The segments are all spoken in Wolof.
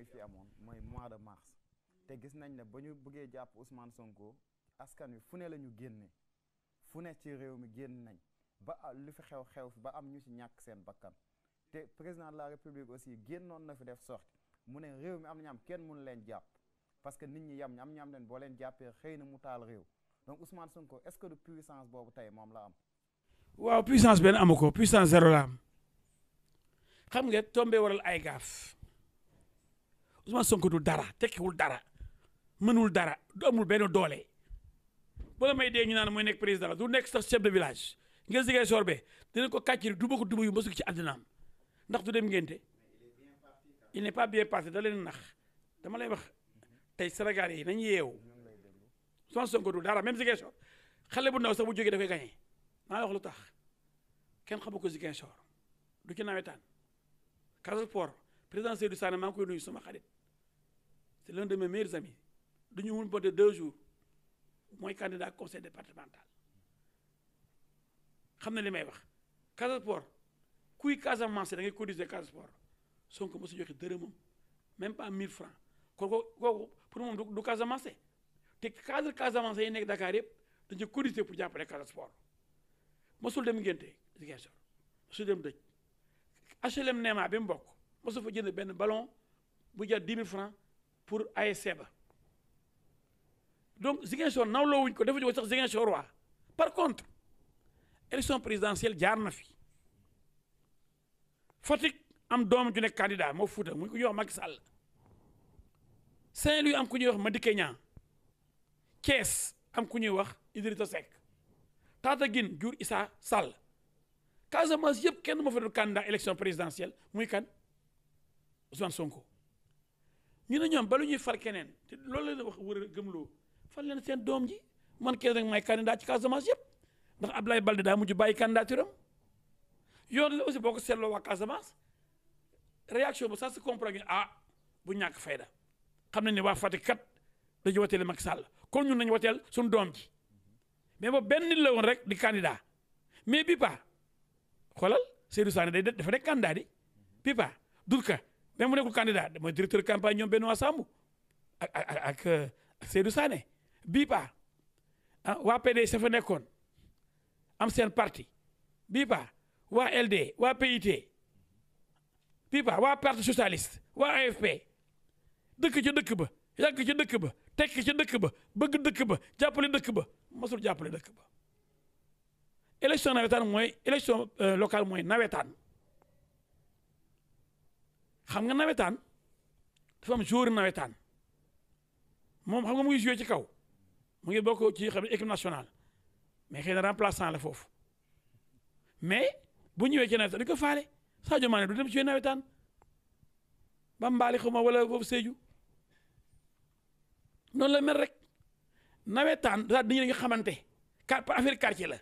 yi fi amoon mooy mois de mars te gis nañ ne ba ñu bëggee jàpp Ousmane Sonko askan wi fu ne la ñu génne fu ne ci réew mi génn nañ ba lu fi xew xew fi ba am ñu ci ñàkk seen bakkan te président de la république aussi génnoon na fi def sorti mu ne réew mi am na ñam kenn mun leen jàpp parce que nit ñi yam ñu am ñam leen boo leen jàppee xëy na mu taal réew donc Ousmane Sonko est-ce que du puissance boobu tey moom la am. waaw puissance benn amu ko puissance zéro am xam Ousmane Sonko du dara tekkiwul dara mënul dara du amul benn doole bala may dee ñu naan mooy nekk président du nekk sax chef de village nga sigee sorbe dina ko kàcciri du ko duba yu mësul ci àddinaam ndax du dem ngénte il n'est pas bien parti da leen nax dama lay wax tey Sénégal yi nañ yeew Ousmane Sonko du dara même Ziguinchor xale bu ndaw sax bu jógee dafay gagné maa wax lu tax kenn xamu ko Ziguinchor du ci nawetaan Casa Sport président Seydou Sané maa ngi koy nuyu sama xarit c'est l'un de mes meilleurs amis du ñu mun bote deux jours mooy candidat conseil départemental xam na li may wax Casa Sport kuy Casamance da ngay cotiser Casa Sport Sonko mosu joxe dërëmam même pas 1000 francs kon kooku pour moom du Casamance te cadre Casamance yi nekk Dakar yëpp dañu cotiser pour jàppale Casa Sport mosul dem ngénte Ziguinchor mosul dem dëj HLM Néma bi mu bokk mosu fa jënd benn ballon bu jar dix mille francs pour ASC ba donc Ziguinchor nawloo wuñ ko dafa jóg sax Ziguinchor waa par contre élection présidentielle jaar na fi Fatick am doom ju nekk candidat moo Fuuta mu ko ñuy wax Macky Sall Saint-Louis am ku ñuy wax Madické Niang Thiès am ku ñuy wax Idrissa Seck gin jur Issa Sall Casamance yëpp kenn moo fa doon candidat élection présidentielle muy kan Ousmane Sonko ñu ne ñoom balu ñuy far keneen te loolu la wax war a gëmloo far leen seen doom ji man kenn rek may candidat ci Casamance yëpp ndax Abdoulaye Balde daa mujj bàyyi candidature am la aussi boo ko seetloo waa Casamance réaction bu ça se comprend ah bu ñàkk fayda xam nañ ne waa Fatick kat dañu woteele Macky Sall kon ñun nañu woteel suñu doom ji mais moo benn nit la woon rek di candidat mais bi pa xoolal Seydou Sané day dafa nekk candidat di bi pa Durka. même mu nekkul candidat mooy directeur campagne ñoom Benoît Sambou ak ak ak Seydou Sané bii paar ah waa PDS fa nekkoon am seen parti bii paar waa LD waa PIT bii paar waa parti socialiste waa AFP dëkk ca dëkk ba yàgg ca dëkk ba tekk ca dëkk ba bëgg dëkk ba jàppale dëkk ba masul jàppale dëkk ba élection nawetaan mooy élection euh, locale mooy nawetaan xam nga nawetaan dafa am joueur nawetaan moom xam nga mu ngi joué ci kaw mu ngi bokk ci xam ne équipe nationale mais xëy na remplaçant la foofu mais bu ñëwee ci nawetaan du ko faale Sadio Mané du dem joué nawetaan ba mbaali xuma wala foofu Sédhiou noonu la mel rek nawetaan daal dañu nga xamante car affaire quartier la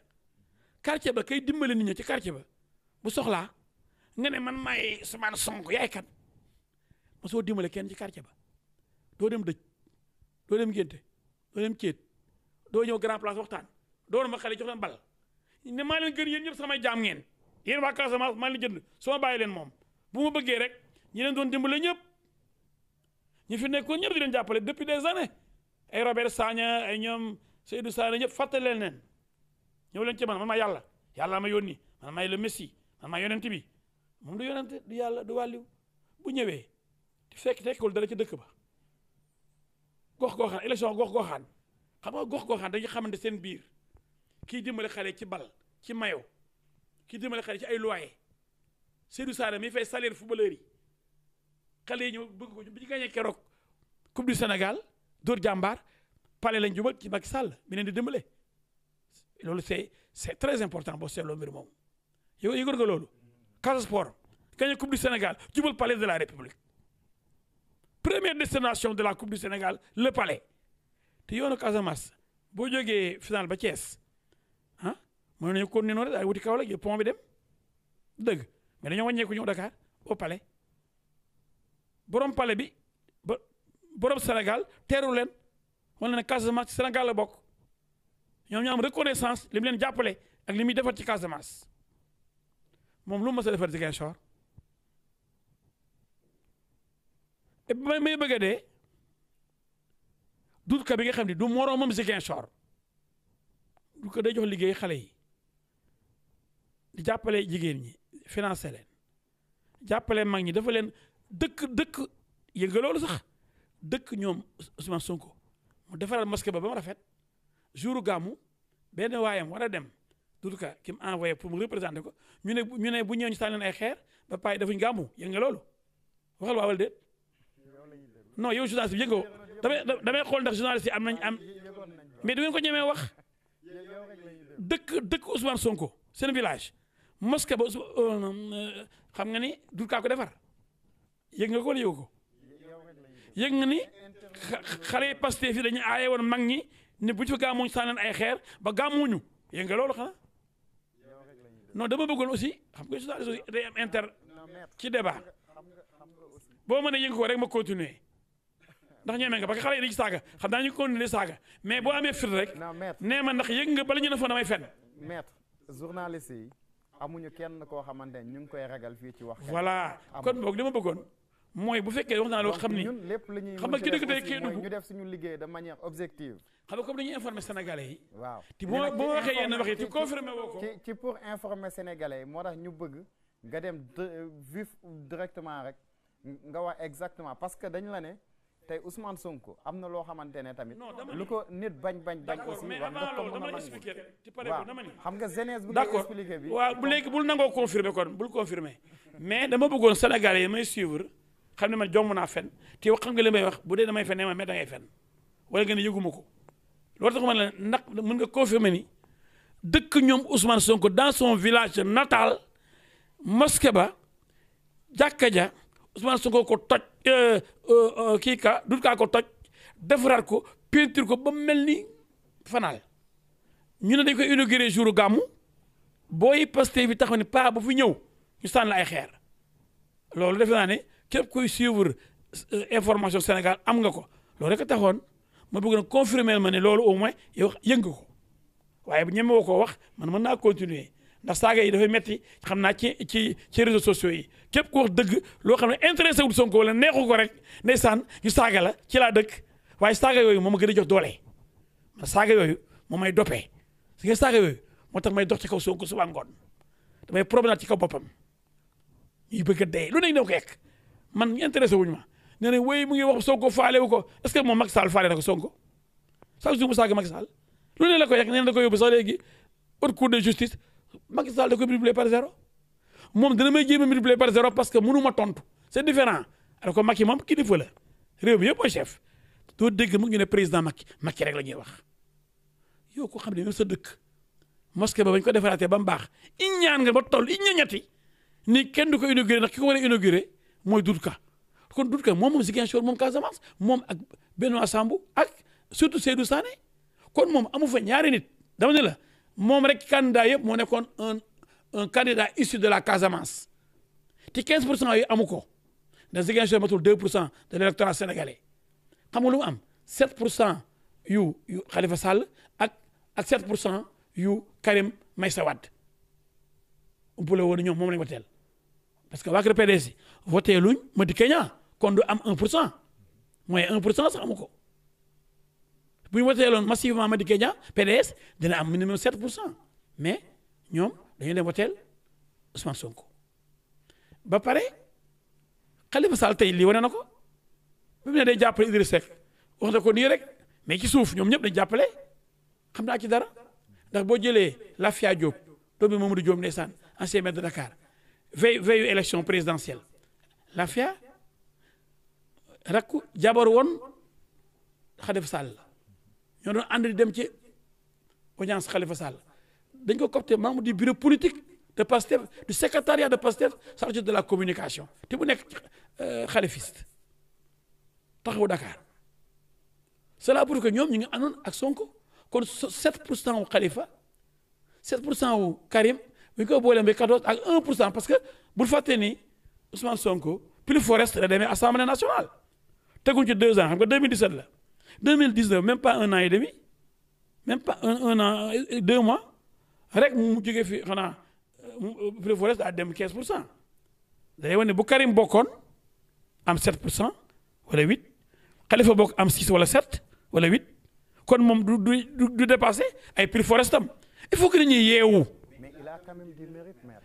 quartier ba kay dimbale nit ñi ci quartier ba bu soxlaa nga ne man maay Ousmane Sonko yaay kan soo dimbale kenn ci quartier ba doo dem dëj doo dem ngénte doo dem doo ñëw grand place waxtaan doo ma xale jox leen bal ne maa leen gën yéen ñëpp samay jaam ngeen yéen waa Casamance maa leen jënd su ma bàyyi leen moom bu ma bëggee rek ñi leen doon dimbale ñëpp ñu fi nekkoon ñëpp di leen jàppale depuis des années ay Robert Sagna ay ñoom Seydou Sagna ñëpp fàttali leen ñëw leen ci man man maa yàlla yàlla ma yónni man maay le ma man maa yonent bi moom du yonent du yàlla du wàlliw bu ñëwee fekk tekkul dala ci dëkk ba gox goxaan élection gox goxaan xam nga gox goxaan dañuy xamante seen biir kii dimbali xale ci bal ci mayo kii dimbali xale ci ay loyer Seydou Sané mi fay salaire footballeur yi xale yi ñu bëgg ko bi ñu gagné keroog coupe du Sénégal dóor jàmbaar pale lañ jubal ci Macky Sall mi di dimbale loolu c'est c'est très important boo seetloo mbir moom yooyu yëgoon nga loolu Casa Sport gagné coupe du Sénégal jubal palais de la République première destination de la coupe du Sénégal le te yoonu Casamance boo jógee final ba Thiès ah mën nañu continuer noonu daal wuti Kaolack yëpp pont bi dem dëgg mais dañoo wàññeeku ñëw Dakar au palais borom palais bi ba borom Sénégal teeru leen wane ne Casamance Sénégal a bokk ñoom ñu am reconnaissance li mu leen jàppale ak li muy defar ci Casamance moom lu mu mës a defar Ziguinchor may may bëgg de dee dut ka bi nga xam ne du moroomam Ziguinchor du ko day jox liggéey xale yi di jàppale jigéen ñi financé leen jàppale mag ñi dafa leen dëkk dëkk yënga loolu sax dëkk ñoom Ousmane Sonko mu defaral mosquée ba ba mu rafet jouru gàmmu benn waayam war a dem tout cas ki mu envoyé pour mu représenter ko ñu ne ñu ne bu ñëwee ñu ay xeer ba pay dafuñ gàmmu yënga loolu waxal waawal déet non yow journaliste bi yëngoo damay damay xool ndax journaliste yi am nañ am mais du ko ñemee wax dëkk dëkk Ousmane Sonko seen village mosquée ba euh, xam nga ni dul kaa ko defar yëg nga ko wala yëg ko yëg nga ni xale yi Pastef yi dañu aaye woon mag ñi ne bu ñu fa gàmmuñu sànneen ay xeer ba gàmmuñu yëg nga loolu xanaa non dama bëggoon aussi xam nga journaliste day am inter ci débat boo mënee yëngu ko rek ma continuer ndax ñeme nga parce que xale yi dañuy saaga xam naa ñu continuer saaga mais boo amee fit rek nee ma ndax yëg nga bala ñu ne fa damay fenn maître journaliste yi amuñu kenn koo xamante ne ñu ngi koy ragal fii ci wax voilà kon boog li ma bëggoon mooy bu fekkee wax naa loo xam ni ñun lépp la ñuy xam nga ki ñu def suñu liggéey de manière objective xam nga comme dañuy informer sénégalais yi waaw te bu ma waxee yenn wax ci confirmé woo ko ci pour informer sénégalais moo tax ñu bëgg nga dem vif directement rek nga wax exactement parce que dañ la ne tey Ousmane Sonko am na loo xamante ne tamit. lu ko nit bañ bañ bañ. aussi war nga ko mën a mën xam nga jeunesse bu ngay expliqué bi. waaw bu léegi bul nangoo confirmer kon bul confirmer mais dama bëggoon Sénégalais yi may xam ne man jomb naa fen te xam may wax bu dee damay fen ne ma ko loolu tax ma ne ndax mën nga confirmer dëkk ñoom Ousmane Sonko dans son village natal mosquée ba jàkka ja Ousmane Sonko ko toj euh, Euh, euh, kii ka dut kaa ko toj defaraat ko peinture ko ba mel ni fanaal ñu ne dañ koy inauguré jour gàmmu booy posté bi taxaw ne paa ba fi ñëw ñu sànni la ay xeer loolu defe naa ne képp kuy suivre euh, information Sénégal am nga ko loolu rek taxoon ma bugg na confirmer ma ne loolu au moins yow yëngu ko waaye bu ñemewoo koo wax man mën naa continuer ndax saaga yi dafay metti xam naa ci ci ci réseaux yi képp ku wax dëgg loo xam ne intéressé wul Sonko wala neexu ko rek ndeysaan ñu saaga la ci laa dëkk waaye saaga yooyu moom a gën a jox doole man saaga yooyu moom may dopee si nga saaga yooyu moo tax may dox ci kaw Sonko suba ngoon damay problème ci kaw boppam yi bëgg a dee lu ne ñu ko yekk man intéressé wuñu ma nee nañ wéy mu ngi wax Sonko faale wu ko est ce que moom mag saal faale na ko Sonko chaque jour mu saaga Macky Sall na da ko yóbbu sax léegi haute de justice Macky Sall da koy multiplier par zéro moom dana may jéem a multiplier par zéro parce que mënu ma tontu c'est différent alors que Macky moom kilifa la réew mi yëpp mooy chef doo dégg mu ngi ne président Macky Macky rek la ñuy wax yow ko xam ne même sa dëkk mosquée ba bañ ko defaraatee ba mu baax iñaan nga ba toll ñetti ni kenn du ko inauguré ndax ki ko war a inauguré mooy Doudou Ka kon Doudou Ka moom moom Ziguinchor moom Casamance moom ak Benoît Sambou ak surtout Seydou Sané kon moom amu fa ñaari nit dama ne la. moom rek candidat yëpp moo nekkoon un un candidat issu de la Casamance te quinze pour cent yi amu ko da Ziguinchor matul 2 pour cent de l' électorat sénégalais xam nga lu am 7 pour cent yu yu Khalifa Sall ak ak 7 pour cent yu Karim Meïssa Wade umpule woon ñoom moom lañ woteel parce que waa kër PDS voté luñ Madi Kenya kon du am un pour cent mooy 1 pour cent sax amu ko. bu ñu woteeloon massivement Madické Niang PDS dina am minimum 7 pour cent mais ñoom dañu dem woteel Ousmane Sonko ba pare Khalifa Sall tey lii wane na ko bi mu ne day jàppale Idrissa Seck wax ko nii rek mais ci suuf ñoom ñëpp dañ jàppale xam naa ci dara ndax boo jëlee Lafia Diop doomu Mamadou Diop ndeysaan ancien maire de Dakar veille veille élection présidentielle Lafia rakku jabar woon Khalifa Sall la ñoo doon ànd di dem ci audience Khalifa Sall dañ ko coopté membre du bureau politique de Pastef du secrétariat de Pastef chargé de la communication te bu nekk xalifiste euh, taxawu Dakar cela pour que ñoom ñu ngi àndoon ak Sonko kon 7 pour cent wu Khalifa 7 pour cent wu Karim bu ñu ko boolee ba 14 ak 1 pour cent parce que bul fàtte ni Ousmane Sonko plus forest la demee assemblée nationale teguñ ci 2 ans xam nga 2017 la. deux mille dix neuf même pas un an et demi même pas un un an euh, deux mois rek mu jógee fi xanaa prix euh, forest daa dem quinze pour cent day wane bu Karim bokkoon am sept pour cent wala huit Khalifa bokk am six wala sept wala huit kon moom du du du dépassé ay prix forest am il faut que nit ñi yeewu. mais il a quand même du mérite maire.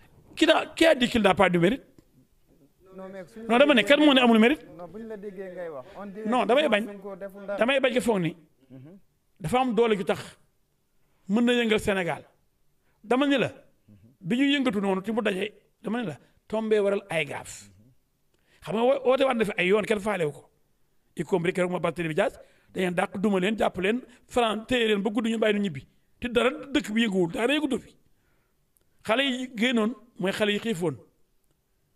a qui a dit qu'il n'a pas du mérite. non dama ne kan moo ne amul mérite non damay bañ damay bañ ko foog ni mhm. dafa am doole ju tax mën na yëngal Sénégal dama ne la mhm. bi ñuy yëngatu noonu ci mu daje dama ne la tombee waral ay gaaf mhm. xam nga woote waat na ay yoon kenn faalewu ko y compris keroog ma Barthélémy Dias dañeen dàq duma leen jàpp leen faran téye leen ba gudd ñu bàyyi nu ñibbi te dara dëkk bi yënguwul dara yëngutu fi xale yi génnoon mooy xale yi xiifoon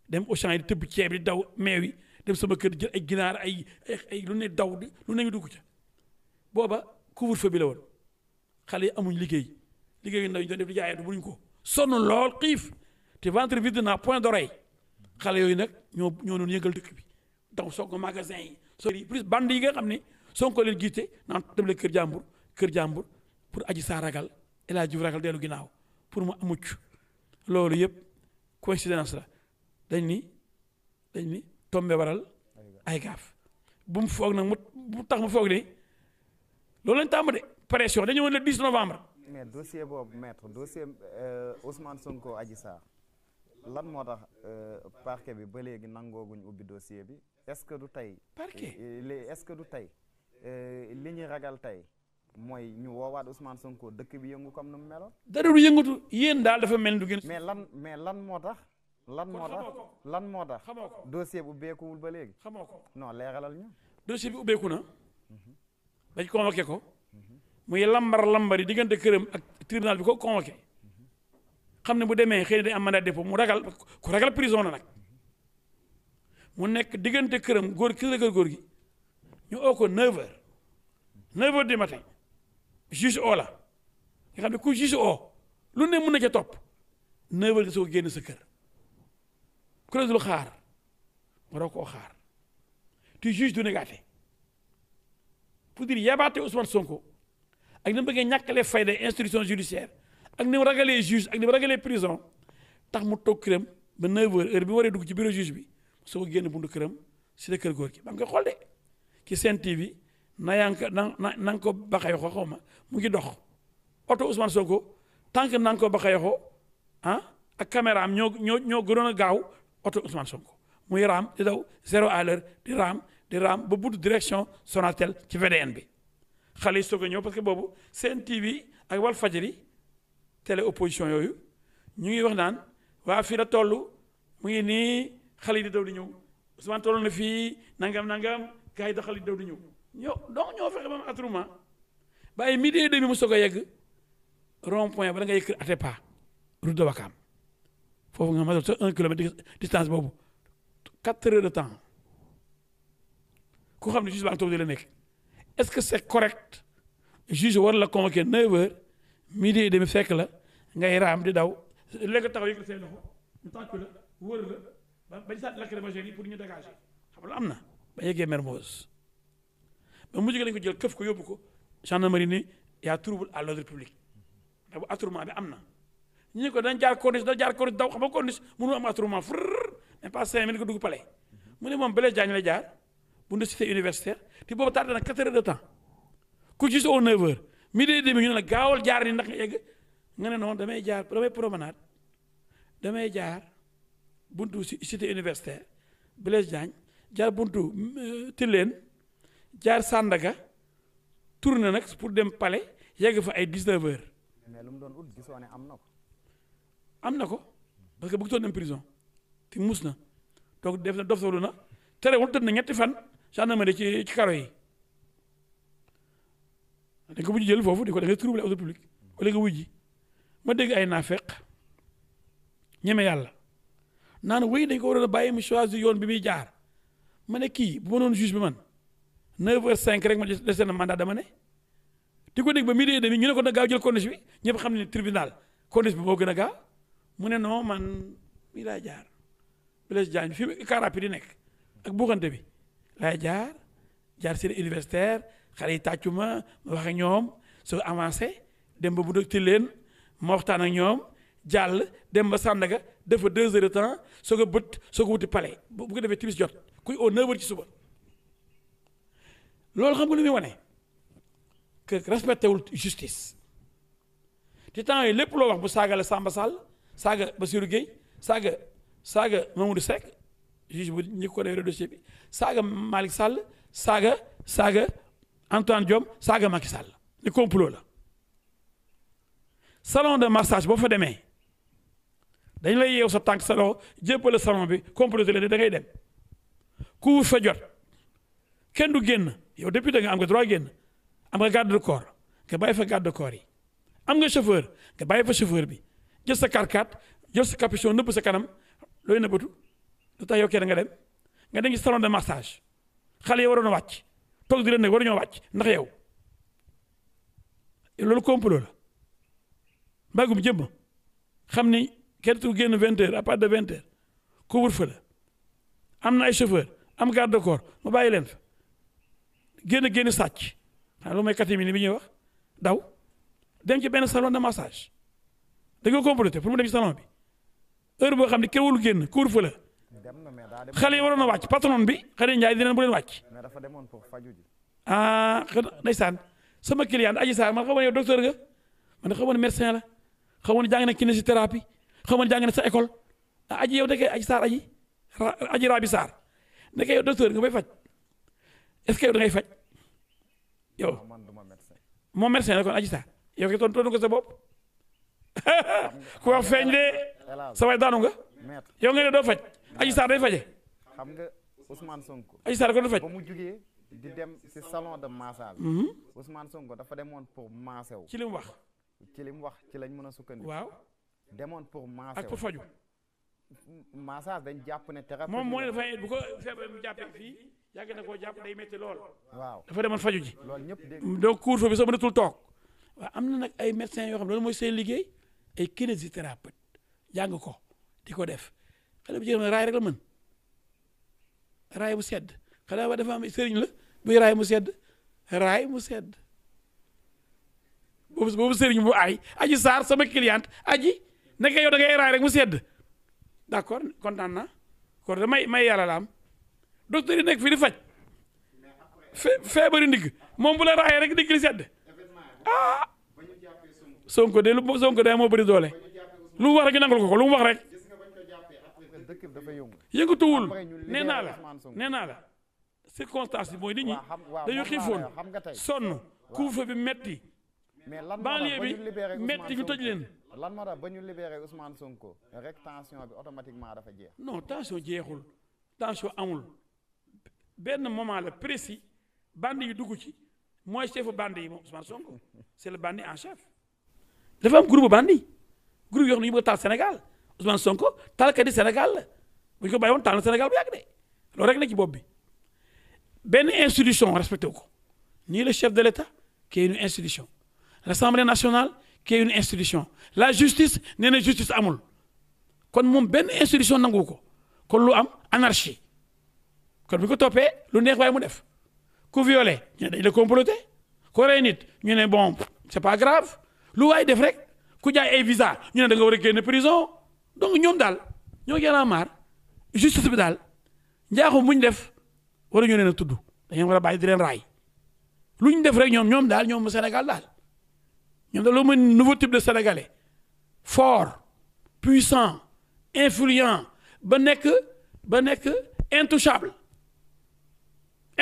dem au champ yi di tëbb ceeb di daw meew yi dem sama kër jël ay ginaar ay ay lu daw lu ne ñu dugg ca booba couvre-feu bi la woon xale yi amuñ liggéey liggéey yu ndaw ñu doon def ko sonn lool xiif te ventre vide naa point d'oreille xale yooyu nag ñoo ñoo doon yëngal dëkk bi donc soog ko magasin yi soog plus bande yi nga xam ne soo ko leen giite naan dem la kër jàmbur kër jàmbur pour aji saa ragal El Hadj ragal dellu ginnaaw pour mu mucc loolu yëpp coïncidence la dañ ni dañ ni tombe waral ay gaaf bu mu foog nag mu mu tax mu foog ni loolu lañ tàmm de pression dañu woon le 10 novembre. mais dossier boobu maître dossier euh, Ousmane Sonko Adji Sarr lan moo tax euh, parquet bi ba léegi nangooguñ ubbi dossier bi est-ce que du tey. parquet est-ce que du tey euh, li ñu ragal tey mooy ñu woowaat Ousmane Sonko dëkk bi yëngu comme nu mu meloon. dara du yëngatu yéen daal dafa mel du gën. mais lan mais lan moo tax. lan moo tax lan moo tax xamoo ko dossier bu ba léegi xamoo ko non leeralal ñu dossier bi ubbeeku na mhm. dañ convoqué ko mhm. muy lambar lambari yi diggante këram ak tribunal bi ko convoqué mhm. xam ne bu demee xëy na day am mandat dépôt mu ragal ku ragal prison na nag mu nekk diggante këram góor ki la kër góor gi ñu oo ko 9 heures 9 matin juge oo la nga xam ne ku juge oo lu ne mën na ca topp 9 heures soo génn sa kër ku la dul xaar waroo koo xaar tu juges du négaté pour dire yabaate Ousmane Sonko ak ni mu bëggee ñàkkalee fayda instruction judiciaire ak ni mu ragalee juge ak ni ragalee prison tax mu toog këram ba 9h heure bi mu dugg ci bureau juge bi soo ko génn buntu këram si la kër góor gi ba nga koy xool de ci TV na yaa ngi ko na ko baxayoo xaw ma mu ngi dox oto Ousmane Sonko tant que na nga ko baxayoo ah ak caméra am ñoo ñoo ñoo gaaw. oto Ousmane Sonko muy raam di daw zéro à l'heure di raam di raam ba budd direction Sonatel ci VDN bi xale yi soog ñëw parce que boobu seen TV ak wal fajari télé opposition yooyu ñu ngi wax naan waa fii la toll mu ngi nii xale yi di daw di ñëw Ousmane toll na fii nangam nangam gars yi da xale yi di daw di ñëw donc ñoo fexe ba mu attroupement bàyyi midi et demi mu soog a yegg rond point ba route de Wakam foofu nga matal sa un kilomètre distance boobu quatre heures de temps ku xam ne juge ba ak toog la nekk est-ce que c'est correct juge war la convoquer neuf heures midi et demi fekk la nga raam di daw léegi taxaw yëg la say loxo ñu tàcc la wër la ba bañ sànni lacrymogène yi pour ñu dégager xam nga am na ba yeggee Mermoz ba mujj ko jël këf ko yóbbu ko gendarmerie ni y a trouble à l'ordre public ndax bu attroupement bi am na ñu ne ko dañ jaar corniche da jaar corniche daw xam nga corniche mënu am attroupement frrr mais pas ko dugg palais mu ne moom Blaise Diagne la jaar bu nda cité universitaire te boobu tardé na quatre heures de temps ku gis au neuf heures midi et demi ñu ne la gaawal jaar ni ndax nga yegg nga ne noonu damay jaar damay promenade damay jaar buntu cité universitaire Blaise Diagne jaar buntu euh, Tilène jaar Sandaga tourné nag pour dem pale yegg fa ay dix neuf heures. mais lu mu doon ut gisoo ne am na ko am na ko parce que bëgg toon dem prison te mus na donc def na dof solu na terewul tëdd na ñetti fan gendarmerie ci ci karo yi dañ ko mujj jël foofu di ko def trouble ordre public wala nga wujji ma dégg ay naafeq ñeme yàlla naan wéy dañ ko waroon a bàyyi mu choisir yoon bi muy jaar ma ne kii bu ma noon juge bi man 9h05 rek ma dese na mandat dama ne di ko dégg ba midi et demi ñu ne ko na gaaw jël corniche bi ñëpp xam ne tribunal corniche bi moo gën a gaaw mu ne non man mi laay jaar Blaise Diagne fi car rapide di nekk ak buuxante bi laay jaar jaar seen universitaire xale yi tàccu ma ma wax ñoom soo avancé dem ba bu dëkk leen ma waxtaan ak ñoom jàll dem ba Sandaga def fa deux heures de temps soo ko bët soo ko wuti palais bu ko defee timis jot kuy au neuf ci suba loolu xam nga lu muy wone que respecté wul justice ci temps yi lépp loo wax bu saagale Samba Sall saaga Bassirou Gueye saaga saaga Mamadou Seck juge bu ñi ko yore dossier bi saaga Malick Sall saaga saaga Antoine Diome saaga Macky Sall ni complot la salon de massage boo fa demee dañ lay yeew sa tànk salon jéppale salon bi comploté la da ngay dem ku fa jot kenn du génn yow député nga am nga droit génn am nga garde corps nga bàyyi fa garde corps yi am nga chauffeur nga bàyyi fa chauffeur bi jël sa karkaat jël sa capuchon nëbb sa kanam looy nëbbatu lu tax yow kenn nga dem nga dem ci salon de massage xale yi waroon a wàcc toog di leen ne waruñoo wàcc ndax yow loolu complot la mbàggum jëmm xam ni kenn tu génn vingt heures à partir de vingt heures couvre-feu am na ay chauffeur am garde de corps mu bàyyi leen fa génn génn sàcc xam lu mooy catimini bi ñuy wax daw dem ci benn salon de massage dañoo comploté pour mu dem ci salon bi heure boo xam ne kenn warul génn couvre-feu la xale yi waroon a wàcc patron bi xale yi Ndiaye dinañ bu leen wàcc. ah ndeysaan sama client aji saar man xamoon yow docteur nga man xamoon médecin la xamoon jàng na kinésithérapie xamoon jàng na sa école ah aji yow nekkee aji saar aji aji rabi saar nekkee yow docteur nga bay faj est-ce que yow da ngay faj yow moom médecin la kon aji saar yow kay tontu ko sa bopp. ku wax feeñ de sa waay daanu nga yow nga doo faj Adji Sarr faje xam nga Ousmane Sonko Adji Sarr ko du faj ba mu jugee di dem ci salon de massage mhm. Ousmane Sonko dafa demoon pour massé wu ci li wax ci li mu wax ci lañ mën a sukkandiku waaw demoon pour massé ak pour faju massage dañ jàpp ne thérapie moom moo ne dafay bu ko feebar mu jàppee fii yàgg na koo jàpp day métti lool waaw dafa demoon faju ji loolu ñëpp dégg donc couvre-feu bi soo mënatul toog waaw am na nag ay médecins yoo xam ne loolu mooy seen liggéey ay kinésithérapeute jàng ko di ko def xale bu jigéen ma raay rek la mën raay mu sedd xanaa ba dafa am sëriñ la buy raay mu sedd raay mu sedd boobu boobu sëriñ mu ay aji saar sama cliente aji naka yow da ngay raay rek mu sedd d'accord kontaan naa kon may yàlla la am docteur yi nekk faj fe feebaru ndigg moom bu rek ndigg sedd ah Sonko de lu Sonko de moo bëri doole lu wax rek ñu nangul ko ko lu mu wax rek yëngatuwul nee naa la nee naa la circonstance bi mooy nit ñi dañu xiifoon sonn couvre-feu bi metti banlieue bi metti ñu tëj leen. lan moo tax ba ñu libéré Ousmane Sonko rek bi automatiquement dafa jeex. non tension jeexul tension amul benn moment la précis bande yi dugg ci mooy chefu bande yi moom Ousmane Sonko c'est le en chef. dafa am groupe bandi groupe yoo xam ne ñu bëgg a taal Sénégal Ousmane Sonko taalkat yi Sénégal la bu ñu ko bàyyi woon taal na Sénégal bu yàgg de loolu rek na ci bopp bi benn institution respecté wu ko nii le chef de l' état qui est une institution l'assemblée nationale qui est institution la justice nee justice amul kon moom benn institution nangu ko kon lu am anarchie kon bu ñu ko toppee lu neex waaye mu def ku violé ñu ne dañ la comploté ku rey nit ne bon c' est pas lu waay def rek ku jaay ay visa ñu ne da nga war a génn prison donc ñoom daal ñoo gën a maar justice bi daal njaaxum bu ñu def waruñu leen a tudd dañu war a bàyyi raay lu ñu def rek ñoom ñoom daal ñoom senegal daal ñoom daal loo mën nouveau type de sénégalais fort puissant influent ba nekk ba nekk intouchable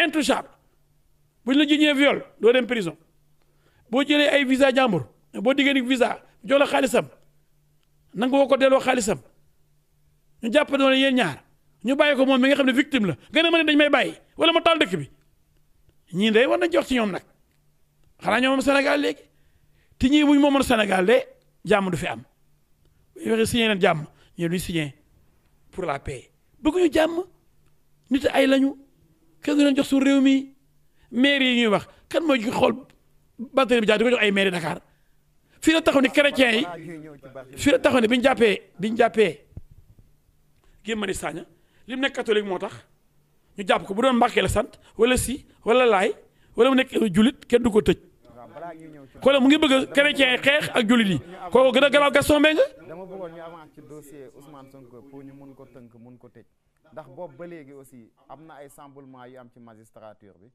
intouchable bu ñu la jiñee viol doo dem prison boo jëlee ay visa jàmbur boo diggée ni visa jox la xaalisam nanga woo ko delloo xaalisam ñu jàpp ne ñaar ñu bàyyi ko moom mi nga xam ne victime la gën a mën ne dañ may bàyyi wala ma taal dëkk bi ñii day war nañ jox ci ñoom nag xanaa ñoo moom Sénégal léegi te ñii buñ moomoon Sénégal de jàmm du fi am waxe signé leen jàmm ñu luy signé pour la paix bëgguñu jàmm nit ay lañu kenn du leen jox suñu réew mi maire yi ñuy wax kan mooy xool batterie bi jaar di ko jox ay maire Dakar fii la taxu ni chrétien yi fii la taxaw ni bi ñu jàppee bi ñu jàppee Guy Marius Sagna li mu nekk catholique moo tax ñu jàpp ko bu doon Mbàkke la sant wala si wala laay wala mu nekk jullit kenn du ko tëj kon mu ngi bëgg chrétien yi xeex ak jullit yi kooku gën a garaaw Gaston Mbengue dama bëggoon ñu avance ci dossier Ousmane Sonko pour ñu mun ko tënk mun ko tëj ndax boobu ba léegi aussi am na ay semblement yu am ci magistrature bi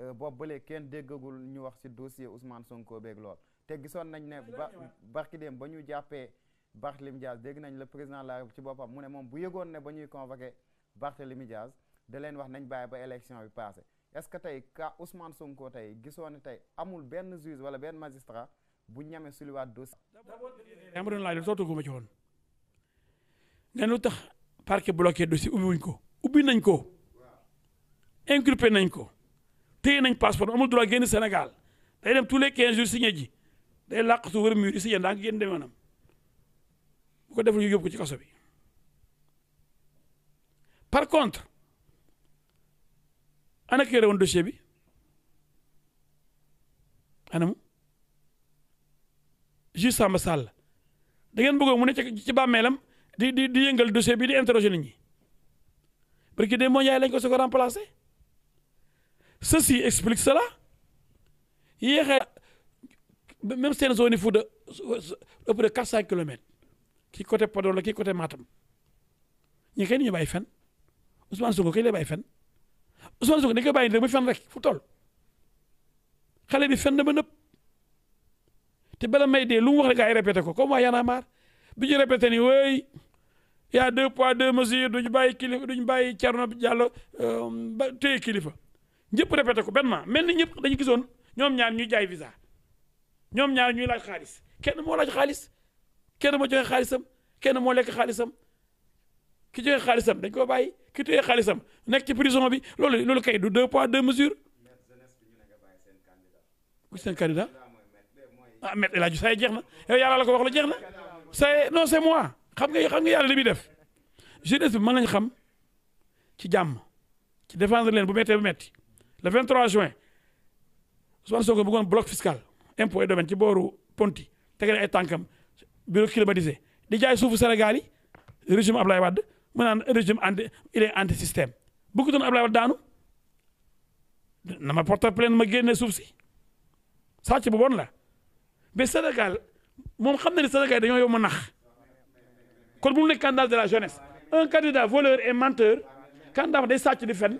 euh, boobu ba kenn déggagul ñu wax ci dossier Ousmane Sonko beeg te gisoon nañ ne ba barki dem ba ñu jàppee Barthélemy Diaz dégg nañ le président la République ci boppam mu ne moom bu yëgoon ne ba ñuy convoqué Barthélemy Diaz da leen wax nañ bàyyi ba élection bi passé est-ce que tey ka Ousmane Sonko tey gisoon ne tey amul benn juge wala benn magistrat bu ñame suliwaat dossier yaa ma doon laaj soo tuguma ci woon lu tax parquet bloqué dossier ubbi wuñ ko ubbi nañ ko inculpé nañ ko téye nañ passeport amul droit génn Sénégal day dem tous les quinze jours signé ji day làqatu wër mur yi si yéen a ngi génn demanam bu ko defee ñu yóbbu ci kaso bi par contre ana ki yore woon dossier bi anamu juge Samba Sall da ngeen bëggoon mu ne ci ci bàmmeelam di di di yëngal dossier bi di interroger nit ñi parce que des mois yaay lañ ko soog a remplacer ceci explique cela yéexee même seen zone yi Fouta ëpp de quatre cent ki kii côté Podor la kii côté Matam ñu xëy na ñu bàyyi fen Ousmane Sonko kii lay bàyyi fen Ousmane Sonko dañ koy bàyyi rek muy fen rek fu toll xale bi fen na ba nëpp te bala may dee lu wax rek ay répété ko comme waa Y'en a marre bi ñu répété ni wéy y a deux poids deux du duñu bàyyi kilifa duñu bàyyi Thierno Diallo euh, ba téye kilifa ñëpp répété ko benn maa mel ni ñëpp dañu gisoon ñoom ñaan ñu jaay visa. ñoom ñaar ñuy laaj xaalis kenn moo laaj xaalis kenn moo joxe xaalisam kenn moo lekk xaalisam ki joxe xaalisam dañ koo bàyyi ki téye xaalisam nekk ci prison bi loolu loolu kay du deux poids deux mesures. ku seen candidat ah Me El laaj Seye jeex na yow la ko wax la jeex na Seye non c'est mois xam nga xam nga yàlla li muy def jeunesse bi mën nañ xam ci jàmm ci défendre leen bu méttee bu métti le 23 juin Ousmane Sonko bëggoon bloc fiscal. impôt et domaine ci booru ponti tegale ay tànkam bureau climatisé di jaay suufu Sénégal yi régime Ablaye Wade mu naan régime anti il anti système bu ko doon Ablaye daanu na ma porter ma génne suuf si sàcc bu bon la mais Sénégal moom xam na ne Sénégal dañoo yow ma nax kon bu mu nekk candidat de la jeunesse un candidat voleur et menteur candidat day sàcc di fen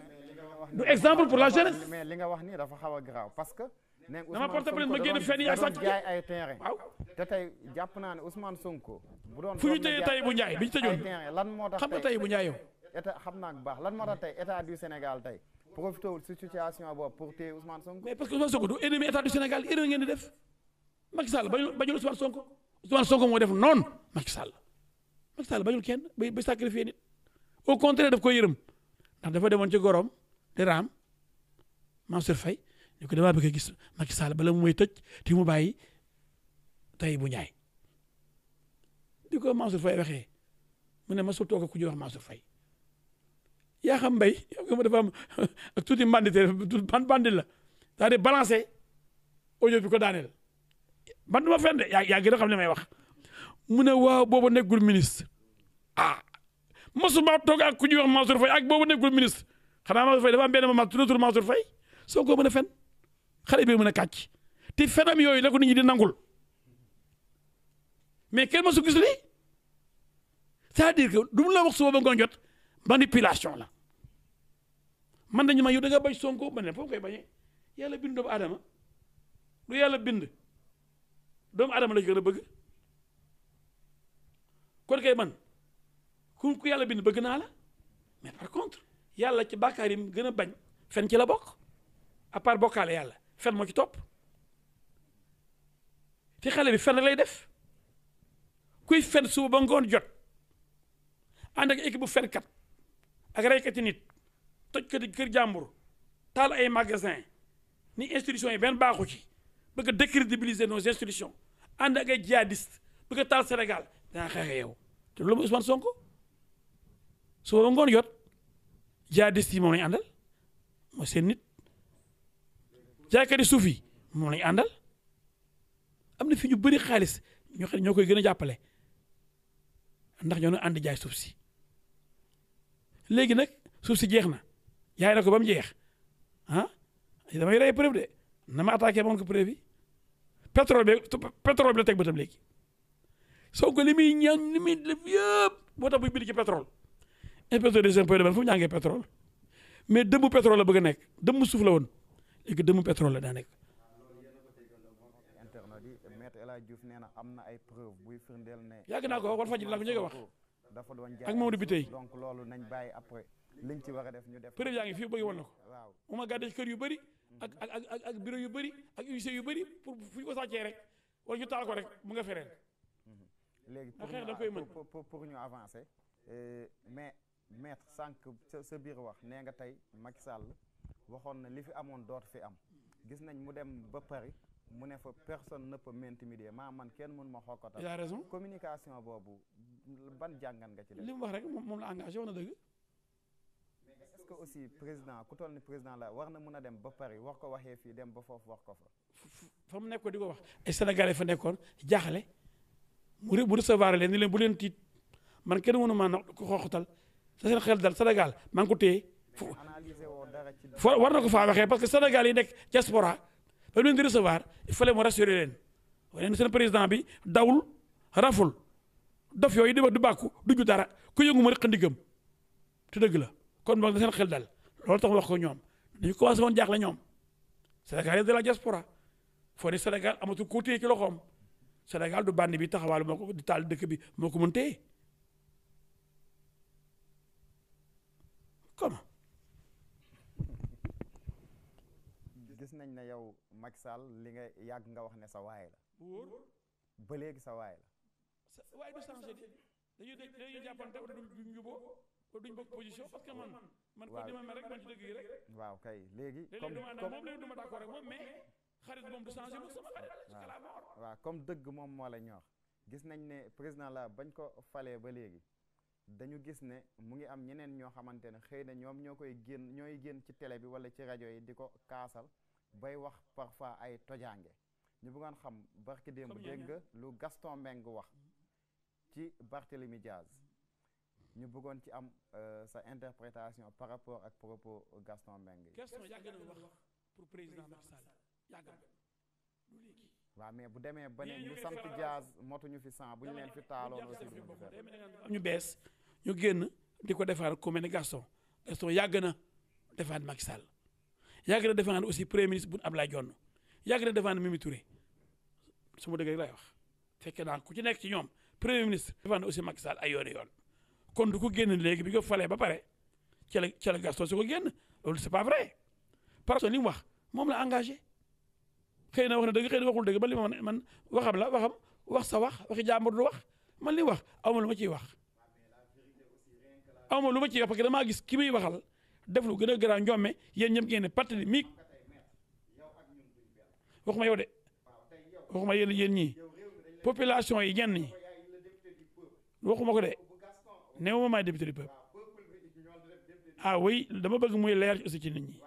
du exemple pour la jeunesse. mais li nga wax nii dafa xaw a parce que. dama porte plainte ma génn fenn yaa sàcc jaay waaw te jàpp naa ne Ousmane Sonko bu doon fu ñu tëyee tey bu Ndiaye bi ñu tëjoon lan moo tax xam tey bu Ndiaye yow état naa bu baax lan moo tax tey état du Sénégal tey profité wul si situation boobu pour téye Ousmane Sonko mais parce que Ousmane Sonko du ennemi état du Sénégal erreur ngeen di def Macky Sall bañul Ousmane Sonko Ousmane Sonko moo def noonu Macky Sall Macky Sall bañul kenn bay bay sacrifié nit au contraire daf koy yërëm ndax dafa demoon ci gorom di raam Mansour Faye ñu ko damaa bëgg a gis Macky Sall bala mu may tëj te mu bàyyi bu ñaay di ko Mansour Faye waxee mu ne masul toog ku ñuy wax Mansour Faye yaa xam mbay ma dafa am ak tuuti bandi la c'est-à-dire balancé audio bi ko daaneel man du ma fenn de yaa yaa gën a xam ne wax mu ne waaw boobu nekkul ministre ah mosuma toog ak ku ñuy wax Mansour Faye ak boobu nekkul ministre xanaa Mansour Faye dafa am benn moment tudd Mansour Faye soo ko mën a fen xale bi mën a kàcc te yooyu la ko nit ñi di mais kenn ma su gis du la wax suba ba ngoon la man dañu ma yow da nga Sonko man ne foofu koy bañee yàlla bind lu yàlla bind doomu aadama la gën a bëgg kon kay man ku yàlla bind bëgg naa la mais par contre yàlla ci bàkkaar yi gën a bañ fen ci la bokk à part bokkaale yàlla fen moo ci topp te xale bi fen rek lay def kuy fen suba ba ngoon jot ànd ak équipe bu fenkat ak reykati nit toj kër jàmbur taal ay magasin ni institution yi benn baaxu ci bëgg a décrédibiliser nos institutions ànd ak ay djihadiste bëgg a taal Sénégal danaa xeexe yow te loolu mooy Ousmane Sonko suba ba ngoon jot djihadiste yi moom lañu àndal mooy seen nit jaaykati suuf yi moom lañu àndal am na fi ñu bëri xaalis ñu ñoo koy gën a jàppale ndax ñoo ànd jaay suuf si léegi nag suuf si jeex na yaay na ko ba mu jeex ah damay rey preuve de na ma attaqué moom ko preuve yi pétrole bi pétrole bi la teg ba tam léegi soo ko li muy ñaan li muy def yëpp moo tax muy bind ci pétrole inspecteur des impôts fu mu ñaangee pétrole mais dëmmu pétrole la bëgg a nekk dëmmu suuf la woon internet léegi dëmu pétrole la daa na yàgg naa ko wax Walfadjri laa ko njëkk a wax ak Maodo bi tey liñ ci war a def ñu def preuve yaa ngi fii bëgg woon na ko mu ma gàdde kër yu bëri ak ak ak ak bureau yu bëri ak UC yu bëri pour fu ñu ko sàccee rek wala ñu taal ko rek mu nga fereen mhm. léegi pour pour ñu avancer euh, mais maître sànq sa biir wax nee nga tey Macky Sall waxoon na li fi amoon doot fi am gis nañ mu dem ba Paris mu ne fa personne ne peut m'intimider maa man kenn mënu ma xokkatal. y a raison communication boobu ban jàngan ci def. li mu wax rek moom la engagé woon na dëgg. mais aussi président ku toll ni président la war na mën a dem ba Paris wax ko waxee fii dem ba foofu wax ko fa. fa mu nekkoon di ko wax ay fa nekkoon jaaxle mu bu recevoir leen ni leen bu leen tiit man kenn mënu maa xokkatal sa seen xel dal Sénégal maa ngi fo war na ko faa waxee parce que Sénégal yi nekk diaspora ba leen di recevoir il fallait mu rassurer leen wane ne seen président bi dawul raful dof yooyu di wax du bàkku du ju dara ku yëngu mu rëq ndigam te dëgg la kon moom da seen xel tax wax ko ñoom dañu commencé woon jaaxle ñoom Sénégal yi de la diaspora foo ne Sénégal amatul koo téye ci loxoom Sénégal du bànn bi taxawaalu moo ko di taal dëkk bi moo ko mën téye ne yow Macky li nga yàgg nga wax ne sa waay la. bu ba léegi sa waay la. sa du changé di dañuy dañuy jàppante duñ juboo duñ bokk position parce que man. man ko dima mel rek man ci dëgg yi rek. waaw kay léegi. comme comme moom du ma moom sama xarit la waaw comme dëgg moom moo la ñor gis nañ ne président la bañ ko falee ba léegi. dañu gis ne mu ngi am ñeneen ñoo xamante ne xëy na ñoom ñoo koy génn ñooy génn ci télé bi wala ci rajo yi di ko kaasal bay wax parfois ay tojaange ñu bëggoon xam barki démb dégg nga lu Gaston Mbengue wax ci Barthélemy Diaz ñu bëggoon ci am sa interprétation par rapport ak propos Gaston Mbengue yi. Gaston yàgg na pour président Macky Sall yàgg mais bu demee ba neen ñu sant Diaz motuñu fi sant bu ñu leen fi taaloon aussi. ñu bees ñu génn di ko defaat ku mel ni Gaston Gaston yàgg na defaat Macky Sall. yàgg na défendre aussi premier ministre bu Abdoulaye Dione yàgg na défendre Mimi Touré su ma dëggee lay wax fekkee naa ku ci nekk ci ñoom premier ministre défendre aussi Macky Sall ay yooni yoon kon du ko génn léegi bi nga falee ba pare ca la ca la Gaston su ko génn loolu c'est pas vrai parce que li wax moom la engagé xëy na wax na dëgg xëy na waxul dëgg ba li ma man waxam la waxam wax sa wax wax jàmbur du wax man li wax aw ma lu ma ciy wax aw ma lu ma ciy wax parce que damaa gis ki muy waxal def lu gën a garaaw ñoome yéen ñëpp ngeen ne parti mi ma yow de waxuma yéen yéen ñii population yi ñenn ñi waxuma ko de néew ma maay député du peuple ah oui dama bëgg muy leer aussi ci nit ñi.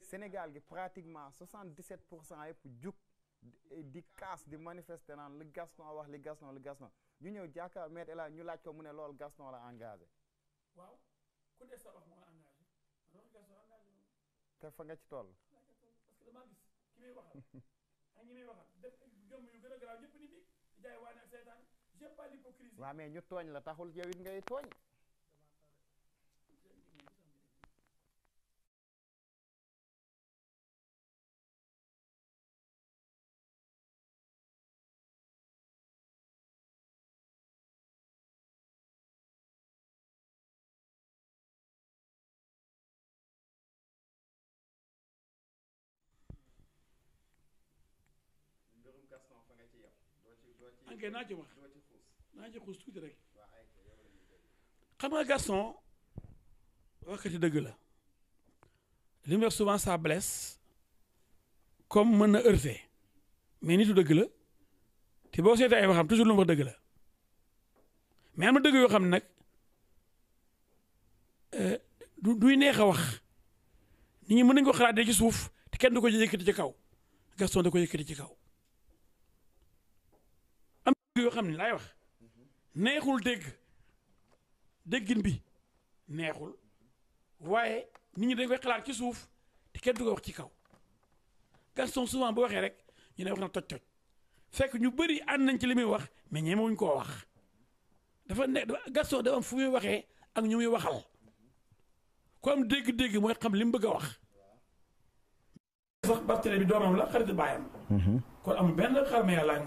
Sénégal gi pratiquement 77 pour cent yëpp jug di kaas di manifester naan li Gaston wax li Gaston li Gaston ñu ñëw jàkkaar Me El Hadji ñu laaj ko mu ne lool Gaston la engagé. waaw la engagé man fa nga ci toll. parce que ñu tooñ la taxul yow ngay tooñ. ok naa ci wax naa ci xuus tuuti dëgg la li mu wax comme mën na heurter mais nitu dëgg la te boo seetee ay waxam toujours lu wax dëgg la mais am na dëgg yoo xam ne nag euh, du duy neex a wax nit ñi mën nañu ko xalaat ci suuf te kenn du ko yëkkati ci kaw Gaston da ko yëkkati ci kaw yoo xam ni laay wax neexul dégg déggin bi neexul waaye nit ñi dañ koy xalaat ci suuf te kenn du ko wax ci kaw Gaston souvent bu waxee rek ñu ne wax na toj-toj fekk ñu bari ànd nañ ci li muy wax mais ñemewuñ koo wax dafa ne Gaston dafa am fu muy waxee ak ñu muy waxal ku dégg-dégg mooy xam li mu bëgg a wax. sax Barthélémy bi doomam la